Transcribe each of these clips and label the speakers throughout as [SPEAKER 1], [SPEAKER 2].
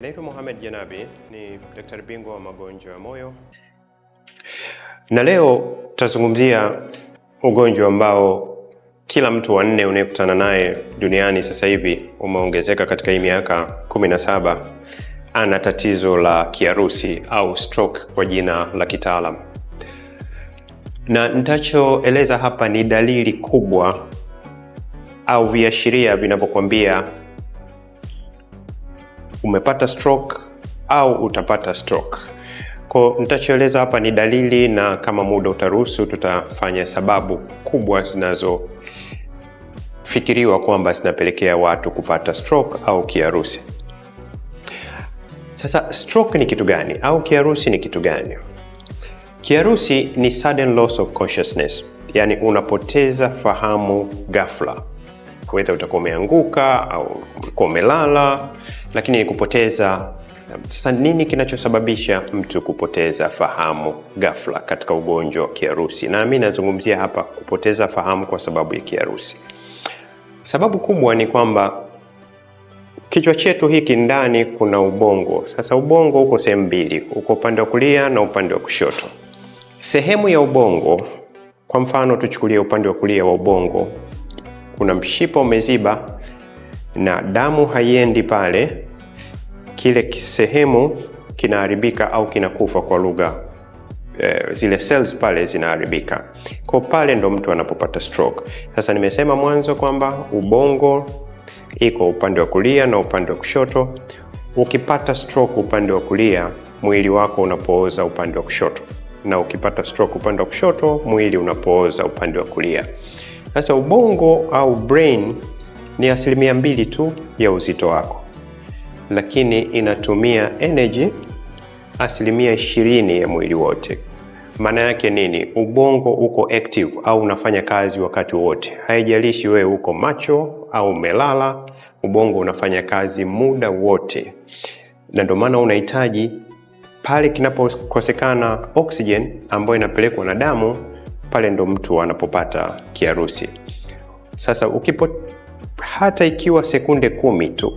[SPEAKER 1] Naitwa Mohamed Janabi, ni daktari bingwa wa magonjwa ya moyo, na leo tutazungumzia ugonjwa ambao kila mtu wa nne unayekutana naye duniani sasa hivi umeongezeka katika hii miaka kumi na saba ana tatizo la kiharusi au stroke kwa jina la kitaalam, na nitachoeleza hapa ni dalili kubwa au viashiria vinavyokuambia umepata stroke au utapata stroke. Kwa nitachoeleza hapa ni dalili, na kama muda utaruhusu, tutafanya sababu kubwa zinazofikiriwa kwamba zinapelekea watu kupata stroke au kiharusi. Sasa stroke ni kitu gani au kiharusi ni kitu gani? Kiharusi ni sudden loss of consciousness, yani unapoteza fahamu ghafla kuweza utakuwa umeanguka au ulikuwa umelala, lakini ni kupoteza. Sasa nini kinachosababisha mtu kupoteza fahamu ghafla katika ugonjwa wa kiharusi? Na mimi nazungumzia hapa kupoteza fahamu kwa sababu ya kiharusi. Sababu kubwa ni kwamba kichwa chetu hiki ndani kuna ubongo. Sasa ubongo uko sehemu mbili, uko upande wa kulia na upande wa kushoto. Sehemu ya ubongo, kwa mfano tuchukulie upande wa kulia wa ubongo kuna mshipa umeziba na damu haiendi pale, kile sehemu kinaharibika au kinakufa kwa lugha eh, zile cells pale zinaharibika. Kwa pale ndo mtu anapopata stroke. Sasa nimesema mwanzo kwamba ubongo iko upande wa kulia na upande wa kushoto. Ukipata stroke upande wa kulia, mwili wako unapooza upande wa kushoto, na ukipata stroke upande wa kushoto, mwili unapooza upande wa kulia. Sasa ubongo au brain ni asilimia mbili tu ya uzito wako, lakini inatumia energy asilimia ishirini ya mwili wote. Maana yake nini? Ubongo uko active au unafanya kazi wakati wote, haijalishi wewe uko macho au umelala, ubongo unafanya kazi muda wote, na ndio maana unahitaji pale kinapokosekana oxygen ambayo inapelekwa na damu pale ndo mtu anapopata kiharusi. Sasa ukipo, hata ikiwa sekunde kumi tu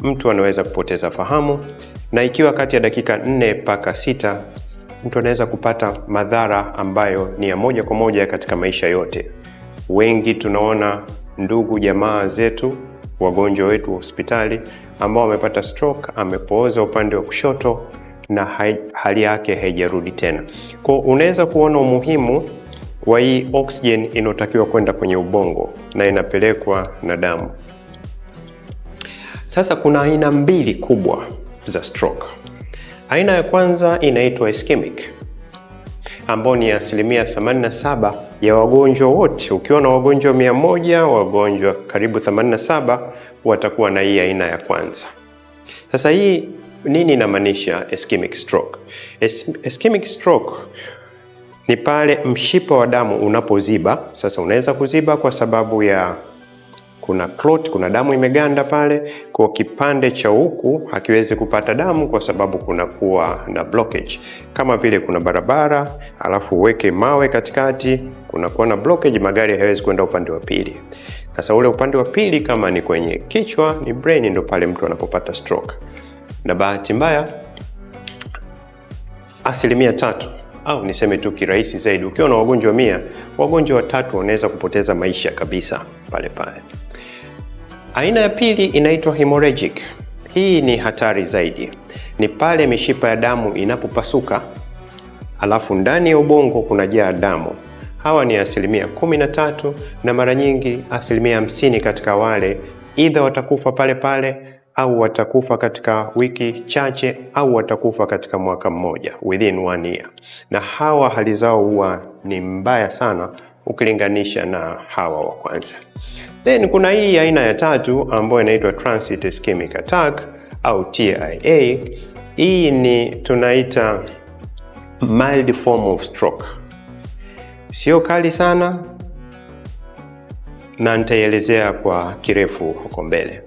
[SPEAKER 1] mtu anaweza kupoteza fahamu, na ikiwa kati ya dakika nne mpaka sita mtu anaweza kupata madhara ambayo ni ya moja kwa moja katika maisha yote. Wengi tunaona ndugu jamaa zetu wagonjwa wetu wa hospitali ambao wamepata stroke, amepooza upande wa kushoto na hali yake haijarudi tena. Kwa unaweza kuona umuhimu wa hii oxygen inayotakiwa kwenda kwenye ubongo na inapelekwa na damu. Sasa kuna aina mbili kubwa za stroke. Aina ya kwanza inaitwa ischemic ambao ni asilimia 87 ya wagonjwa wote. Ukiwa na wagonjwa moja, wagonjwa karibu 87 watakuwa na hii aina ya kwanza. Sasa hii nini inamaanisha ischemic stroke? Es, ischemic stroke ni pale mshipa wa damu unapoziba. Sasa unaweza kuziba kwa sababu ya kuna clot, kuna damu imeganda pale, kwa kipande cha huku hakiwezi kupata damu kwa sababu kunakuwa na blockage. Kama vile kuna barabara alafu uweke mawe katikati, kunakuwa na blockage, magari hayawezi kwenda upande wa pili. Sasa ule upande wa pili kama ni kwenye kichwa, ni brain, ndo pale mtu anapopata stroke na bahati mbaya asilimia tatu au niseme tu kirahisi zaidi, ukiwa na wagonjwa mia, wagonjwa watatu wanaweza kupoteza maisha kabisa pale pale. Aina ya pili inaitwa hemorrhagic. Hii ni hatari zaidi, ni pale mishipa ya damu inapopasuka alafu ndani ya ubongo kunajaa damu. Hawa ni asilimia kumi na tatu na mara nyingi asilimia hamsini katika wale idha watakufa pale pale au watakufa katika wiki chache au watakufa katika mwaka mmoja, within one year. Na hawa hali zao huwa ni mbaya sana ukilinganisha na hawa wa kwanza. Then kuna hii aina ya tatu ambayo inaitwa Transit Ischemic Attack au TIA. Hii ni tunaita mild form of stroke, sio kali sana, na nitaelezea kwa kirefu huko mbele.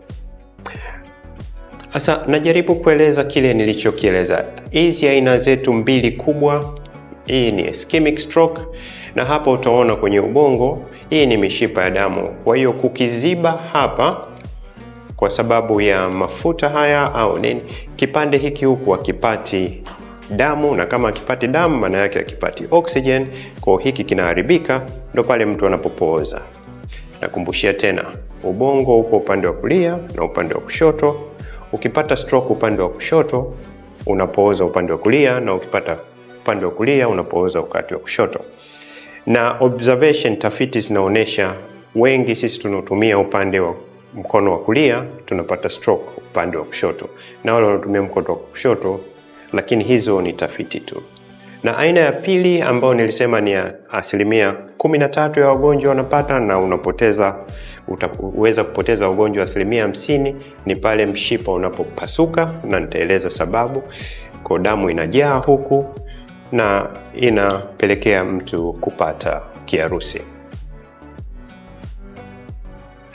[SPEAKER 1] Sasa najaribu kueleza kile nilichokieleza. Hizi aina zetu mbili kubwa, hii ni ischemic stroke, na hapa utaona kwenye ubongo hii ni mishipa ya damu. Kwa hiyo kukiziba hapa kwa sababu ya mafuta haya au nini, kipande hiki huku akipati damu, na kama akipati damu maana yake akipati oxygen, kwa hiki kinaharibika, ndo pale mtu anapopooza. Nakumbushia tena, ubongo upo upande wa kulia na upande wa kushoto Ukipata stroke upande wa kushoto unapooza upande wa kulia, na ukipata upande wa kulia unapooza wakati wa kushoto. Na observation, tafiti zinaonyesha wengi sisi tunaotumia upande wa mkono wa kulia tunapata stroke upande wa kushoto, na wale wanaotumia mkono wa kushoto, lakini hizo ni tafiti tu. Na aina ya pili ambayo nilisema ni asilimia kumi na tatu ya wagonjwa wanapata na unapoteza utaweza kupoteza ugonjwa asilimia hamsini ni pale mshipa unapopasuka, na nitaeleza sababu, kwa damu inajaa huku na inapelekea mtu kupata kiharusi.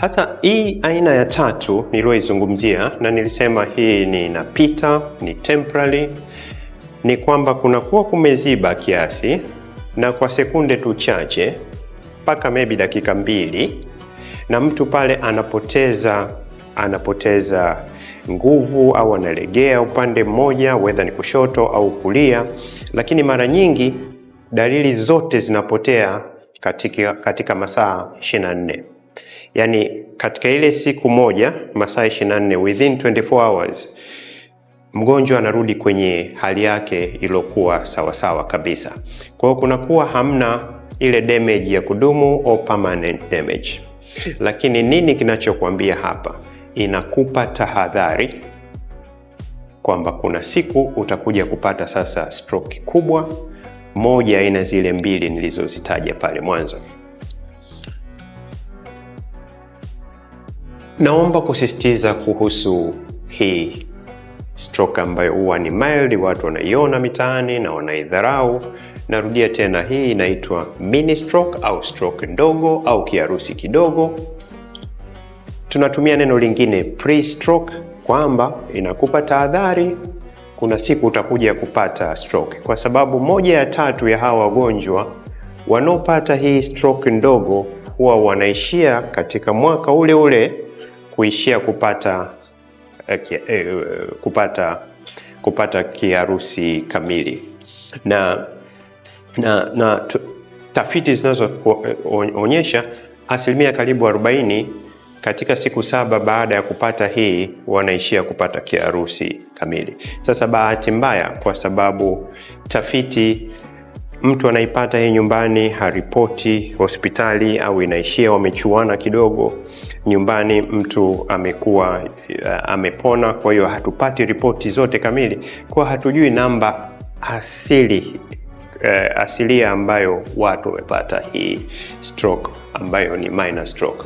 [SPEAKER 1] Sasa hii aina ya tatu niliyoizungumzia, na nilisema hii ni inapita, ni temporary ni kwamba kunakuwa kumeziba kiasi na kwa sekunde tu chache mpaka maybe dakika mbili, na mtu pale anapoteza anapoteza nguvu au analegea upande mmoja, wetha ni kushoto au kulia, lakini mara nyingi dalili zote zinapotea katika, katika masaa 24 yani katika ile siku moja masaa 24 within 24 hours mgonjwa anarudi kwenye hali yake iliyokuwa sawasawa kabisa. Kwa hiyo kunakuwa hamna ile damage ya kudumu au permanent damage. Lakini nini kinachokuambia hapa? Inakupa tahadhari kwamba kuna siku utakuja kupata sasa stroke kubwa, moja aina zile mbili nilizozitaja pale mwanzo. Naomba kusisitiza kuhusu hii stroke ambayo huwa ni mild, watu wanaiona mitaani na wanaidharau. Narudia tena, hii inaitwa mini stroke au stroke ndogo au kiharusi kidogo. Tunatumia neno lingine pre-stroke, kwamba inakupa tahadhari, kuna siku utakuja kupata stroke, kwa sababu moja ya tatu ya hawa wagonjwa wanaopata hii stroke ndogo huwa wanaishia katika mwaka ule ule kuishia kupata Eh, eh, kupata, kupata kiharusi kamili na, na, na tafiti zinazoonyesha eh, asilimia karibu 40 katika siku saba baada ya kupata hii wanaishia kupata kiharusi kamili. Sasa bahati mbaya, kwa sababu tafiti mtu anaipata hii nyumbani, haripoti hospitali au inaishia wamechuana kidogo nyumbani, mtu amekuwa eh, amepona. Kwa hiyo hatupati ripoti zote kamili, kwa hatujui namba asili eh, asilia ambayo watu wamepata hii stroke ambayo ni minor stroke.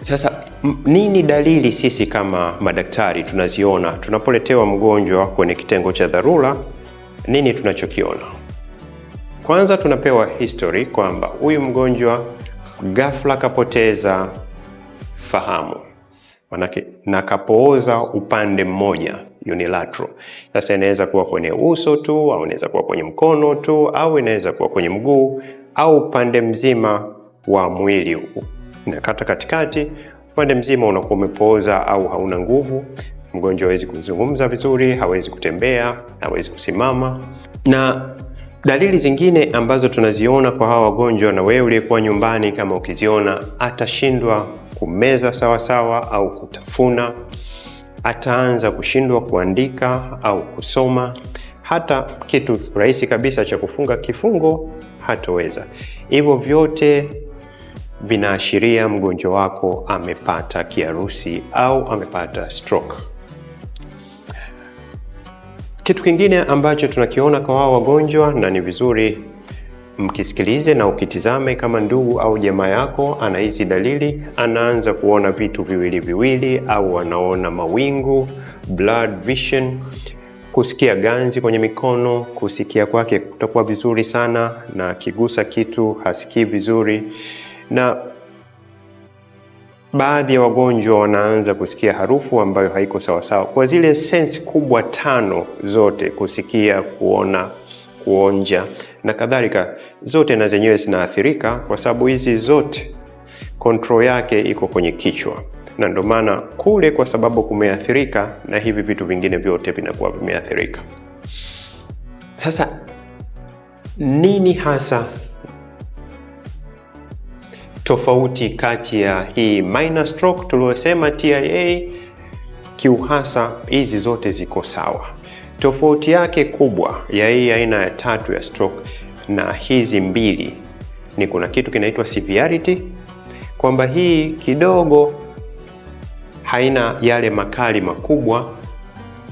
[SPEAKER 1] Sasa nini dalili sisi kama madaktari tunaziona tunapoletewa mgonjwa kwenye kitengo cha dharura nini tunachokiona? Kwanza tunapewa history kwamba huyu mgonjwa ghafla kapoteza fahamu manake na kapooza upande mmoja unilateral. Sasa inaweza kuwa kwenye uso tu au inaweza kuwa kwenye mkono tu au inaweza kuwa kwenye mguu au upande mzima wa mwili nakata katikati, upande mzima unakuwa umepooza au hauna nguvu, mgonjwa hawezi kuzungumza vizuri, hawezi kutembea, hawezi kusimama. Na dalili zingine ambazo tunaziona kwa hawa wagonjwa, na wewe uliyekuwa nyumbani, kama ukiziona, atashindwa kumeza sawasawa sawa, au kutafuna, ataanza kushindwa kuandika au kusoma hata kitu rahisi kabisa cha kufunga kifungo hatoweza. Hivyo vyote vinaashiria mgonjwa wako amepata kiharusi au amepata stroke. Kitu kingine ambacho tunakiona kwa wao wagonjwa, na ni vizuri mkisikilize na ukitizame, kama ndugu au jamaa yako anahisi dalili, anaanza kuona vitu viwili viwili, au anaona mawingu blood vision, kusikia ganzi kwenye mikono, kusikia kwake kutakuwa vizuri sana, na akigusa kitu hasikii vizuri na baadhi ya wagonjwa wanaanza kusikia harufu ambayo haiko sawasawa, kwa zile sensi kubwa tano zote: kusikia, kuona, kuonja na kadhalika, zote na zenyewe zinaathirika, kwa sababu hizi zote kontrol yake iko kwenye kichwa, na ndio maana kule, kwa sababu kumeathirika, na hivi vitu vingine vyote vinakuwa vimeathirika. Sasa nini hasa tofauti kati ya hii minor stroke tuliyosema TIA, kiuhasa hizi zote ziko sawa. Tofauti yake kubwa ya hii aina ya tatu ya stroke na hizi mbili ni kuna kitu kinaitwa severity, kwamba hii kidogo haina yale makali makubwa,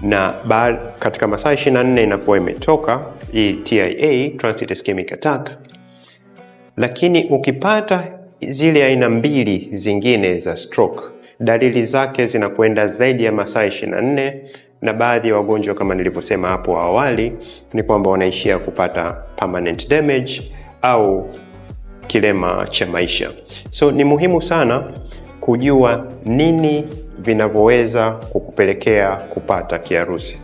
[SPEAKER 1] na baad, katika masaa 24 inakuwa imetoka hii TIA, Transient Ischemic Attack, lakini ukipata Zile aina mbili zingine za stroke dalili zake zinakwenda zaidi ya masaa ishirini na nne na baadhi ya wagonjwa kama nilivyosema hapo awali ni kwamba wanaishia kupata permanent damage au kilema cha maisha. So ni muhimu sana kujua nini vinavyoweza kukupelekea kupata kiharusi.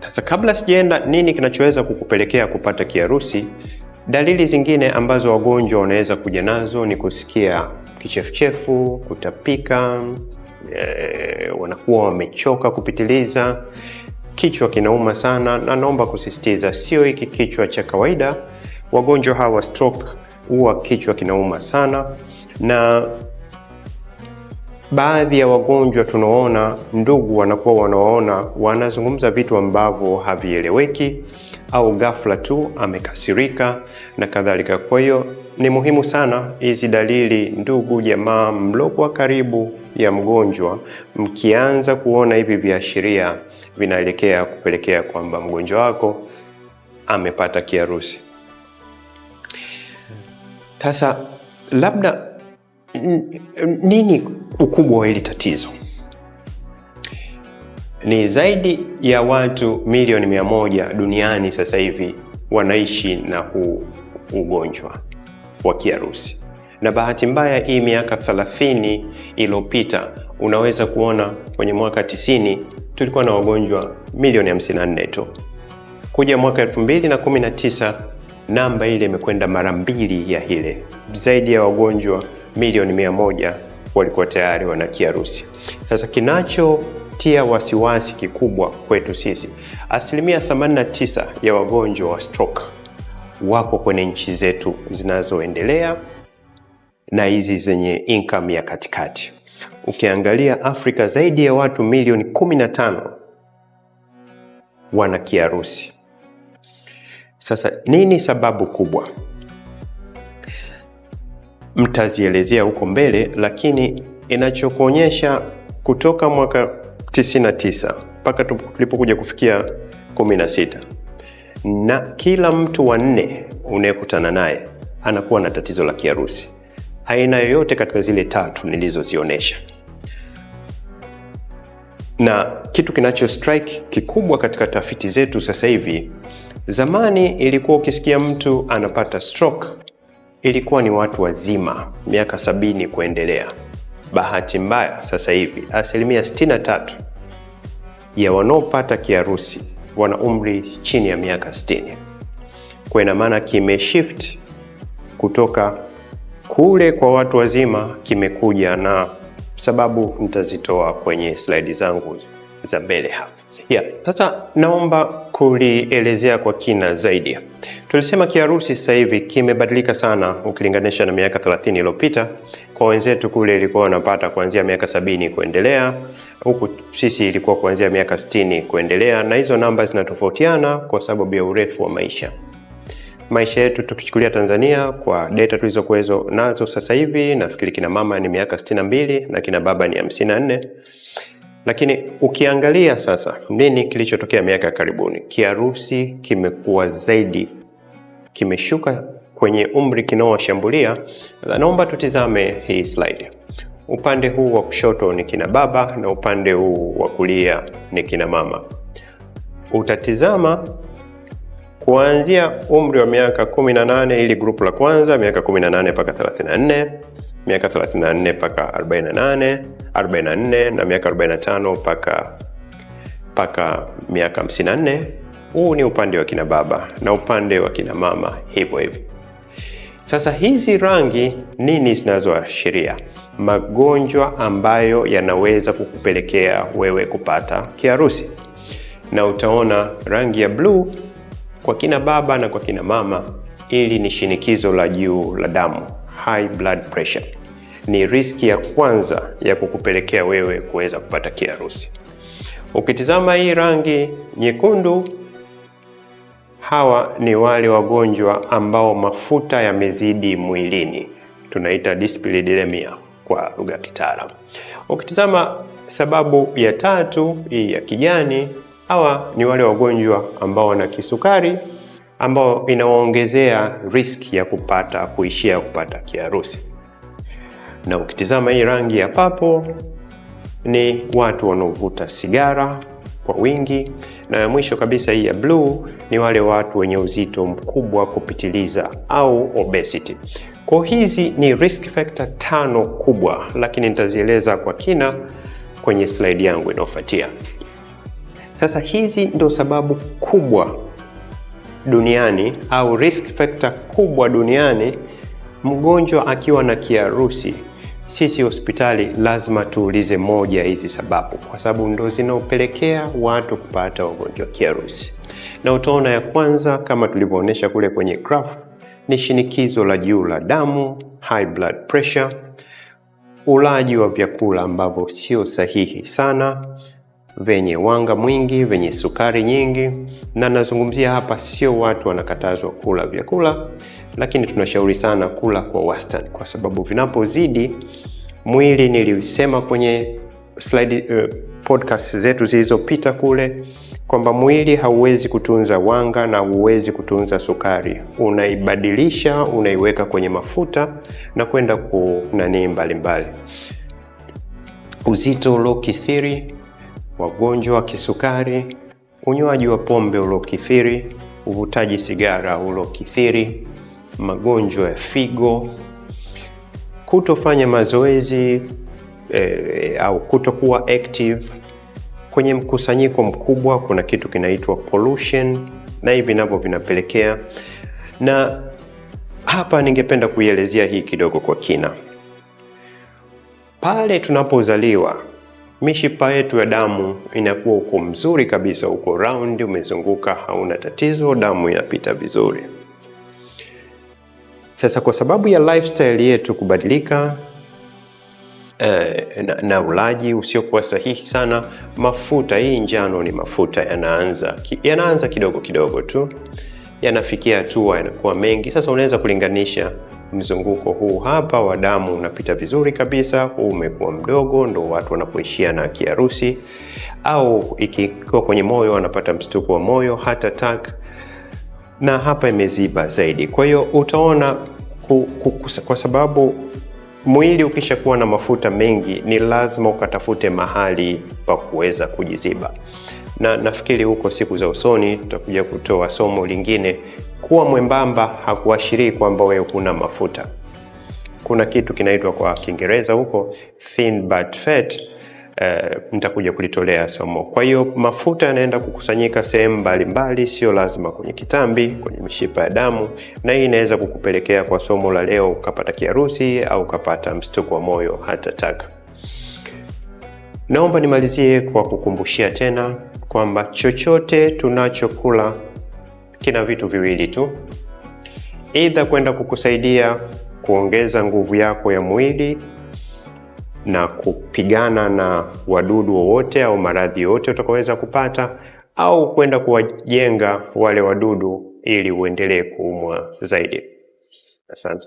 [SPEAKER 1] Sasa kabla sijaenda nini kinachoweza kukupelekea kupata kiharusi, Dalili zingine ambazo wagonjwa wanaweza kuja nazo ni kusikia kichefuchefu, kutapika, e, wanakuwa wamechoka kupitiliza, kichwa kinauma sana, na naomba kusisitiza, sio hiki kichwa cha kawaida. Wagonjwa hawa stroke huwa kichwa kinauma sana na Baadhi ya wagonjwa tunaona ndugu wanakuwa wanaona wanazungumza vitu ambavyo havieleweki au ghafla tu amekasirika na kadhalika. Kwa hiyo ni muhimu sana hizi dalili, ndugu jamaa mlokuwa karibu ya mgonjwa, mkianza kuona hivi viashiria vinaelekea kupelekea kwamba mgonjwa wako amepata kiharusi. Sasa labda nini ukubwa wa hili tatizo? Ni zaidi ya watu milioni mia moja duniani sasa hivi wanaishi na huu ugonjwa wa kiharusi, na bahati mbaya hii miaka 30 iliyopita, unaweza kuona kwenye mwaka 90 tulikuwa na wagonjwa milioni 54 tu. Kuja mwaka 2019 namba ile imekwenda mara mbili ya ile, zaidi ya wagonjwa milioni mia moja walikuwa tayari wana kiharusi Sasa kinachotia wasiwasi kikubwa kwetu sisi, asilimia 89 ya wagonjwa wa stroke wako kwenye nchi zetu zinazoendelea na hizi zenye income ya katikati. Ukiangalia Afrika, zaidi ya watu milioni 15 wana kiharusi. Sasa nini sababu kubwa? mtazielezea huko mbele, lakini inachokuonyesha kutoka mwaka 99 mpaka tulipokuja kufikia 16 na kila mtu wa nne unayekutana naye anakuwa na tatizo la kiharusi aina yoyote katika zile tatu nilizozionyesha. Na kitu kinacho strike kikubwa katika tafiti zetu sasa hivi, zamani ilikuwa ukisikia mtu anapata stroke ilikuwa ni watu wazima miaka sabini kuendelea. Bahati mbaya, sasa hivi asilimia 63 ya wanaopata kiharusi wana umri chini ya miaka 60. Kwa ina maana kimeshift kutoka kule kwa watu wazima kimekuja na sababu nitazitoa kwenye slaidi zangu za mbele hapa. Yeah, sasa naomba kulielezea kwa kina zaidi. Tulisema kiharusi sasa hivi kimebadilika sana ukilinganisha na miaka 30 iliyopita. Kwa wenzetu kule ilikuwa wanapata kuanzia miaka sabini kuendelea, huku sisi ilikuwa kuanzia miaka 60 kuendelea, na hizo namba zinatofautiana kwa sababu ya urefu wa maisha maisha yetu tukichukulia Tanzania kwa data tulizokuwezo nazo sasa hivi, nafikiri kina mama ni miaka 62 na mbili na kina baba ni 54 nne lakini ukiangalia sasa nini kilichotokea miaka ya karibuni, kiharusi kimekuwa zaidi, kimeshuka kwenye umri kinaowashambulia. Naomba tutizame hii slide. Upande huu wa kushoto ni kina baba na upande huu wa kulia ni kina mama. Utatizama kuanzia umri wa miaka 18, ili grupu la kwanza, miaka 18 mpaka 34, miaka 34 mpaka 48 44 na miaka 45 mpaka mpaka miaka 54. Huu ni upande wa kina baba na upande wa kina mama hivyo hivyo. Sasa hizi rangi nini zinazoashiria? Magonjwa ambayo yanaweza kukupelekea wewe kupata kiharusi, na utaona rangi ya bluu kwa kina baba na kwa kina mama, ili ni shinikizo la juu la damu, high blood pressure ni riski ya kwanza ya kukupelekea wewe kuweza kupata kiharusi. Ukitizama hii rangi nyekundu, hawa ni wale wagonjwa ambao mafuta yamezidi mwilini, tunaita dyslipidemia kwa lugha ya kitaalamu. Ukitizama sababu ya tatu hii ya kijani, hawa ni wale wagonjwa ambao wana kisukari ambao inawaongezea riski ya kupata kuishia kupata kiharusi na ukitizama hii rangi ya papo ni watu wanaovuta sigara kwa wingi, na ya mwisho kabisa hii ya bluu ni wale watu wenye uzito mkubwa kupitiliza au obesity. Kwa hizi ni risk factor tano kubwa, lakini nitazieleza kwa kina kwenye slide yangu inayofuatia. Sasa hizi ndo sababu kubwa duniani au risk factor kubwa duniani, mgonjwa akiwa na kiharusi sisi hospitali lazima tuulize moja hizi sababu, kwa sababu ndo zinaopelekea watu kupata ugonjwa kiharusi, na utaona ya kwanza kama tulivyoonyesha kule kwenye graph ni shinikizo la juu la damu, high blood pressure, ulaji wa vyakula ambavyo sio sahihi sana, vyenye wanga mwingi, vyenye sukari nyingi, na nazungumzia hapa, sio watu wanakatazwa kula vyakula, lakini tunashauri sana kula kwa wastani, kwa sababu vinapozidi mwili, nilisema kwenye slide, uh, podcast zetu zilizopita kule kwamba mwili hauwezi kutunza wanga na huwezi kutunza sukari, unaibadilisha unaiweka kwenye mafuta na kwenda kunanii mbalimbali. Uzito uliokithiri wagonjwa wa kisukari, unywaji wa pombe uliokithiri, uvutaji sigara uliokithiri, magonjwa ya figo, kutofanya mazoezi eh, eh, au kutokuwa active. Kwenye mkusanyiko mkubwa kuna kitu kinaitwa pollution, na hivi navyo vinapelekea. Na hapa ningependa kuielezea hii kidogo kwa kina. Pale tunapozaliwa mishipa yetu ya damu inakuwa uko mzuri kabisa, uko round, umezunguka, hauna tatizo, damu inapita vizuri. Sasa kwa sababu ya lifestyle yetu kubadilika eh, na, na ulaji usiokuwa sahihi sana, mafuta hii njano ni mafuta yanaanza yanaanza kidogo kidogo tu, yanafikia hatua yanakuwa mengi. Sasa unaweza kulinganisha mzunguko huu hapa wa damu unapita vizuri kabisa, huu umekuwa mdogo, ndo watu wanapoishia na kiharusi, au ikiwa kwenye moyo wanapata mshtuko wa moyo, heart attack, na hapa imeziba zaidi. Kwa hiyo utaona ku, kwa sababu mwili ukishakuwa na mafuta mengi ni lazima ukatafute mahali pa kuweza kujiziba, na nafikiri huko siku za usoni tutakuja kutoa somo lingine kuwa mwembamba hakuashirii kwamba wewe huna mafuta. Kuna kitu kinaitwa kwa Kiingereza huko thin but fat. Uh, nitakuja kulitolea somo. Kwa hiyo mafuta yanaenda kukusanyika sehemu mbalimbali, sio lazima kwenye kitambi, kwenye mishipa ya damu, na hii inaweza kukupelekea kwa somo la leo ukapata kiharusi au ukapata mshtuko wa moyo hata taka. Naomba nimalizie kwa kukumbushia tena kwamba chochote tunachokula kina vitu viwili tu, aidha kwenda kukusaidia kuongeza nguvu yako ya mwili na kupigana na wadudu wowote au maradhi yote utakaoweza kupata, au kwenda kuwajenga wale wadudu ili uendelee kuumwa zaidi. Asante.